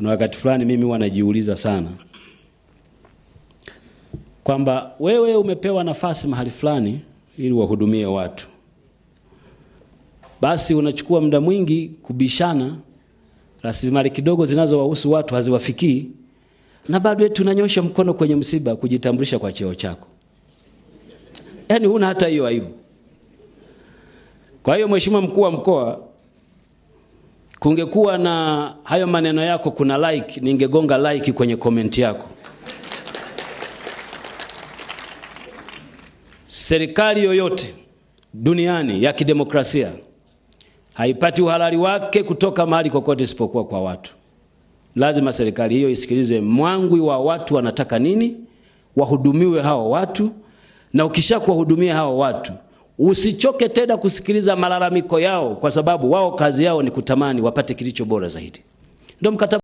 Kuna wakati fulani mimi wanajiuliza sana kwamba wewe umepewa nafasi mahali fulani ili wahudumie watu, basi unachukua muda mwingi kubishana, rasilimali kidogo zinazowahusu watu haziwafikii, na bado eti unanyosha mkono kwenye msiba kujitambulisha kwa cheo chako. Yaani huna hata hiyo aibu. Kwa hiyo, Mheshimiwa Mkuu wa Mkoa, Kungekuwa na hayo maneno yako kuna like, ningegonga like kwenye komenti yako. Serikali yoyote duniani ya kidemokrasia haipati uhalali wake kutoka mahali kokote isipokuwa kwa watu. Lazima serikali hiyo isikilize mwangwi wa watu wanataka nini, wahudumiwe hao watu, na ukisha kuwahudumia hao watu Usichoke tena kusikiliza malalamiko yao, kwa sababu wao kazi yao ni kutamani wapate kilicho bora zaidi. Ndio mkataba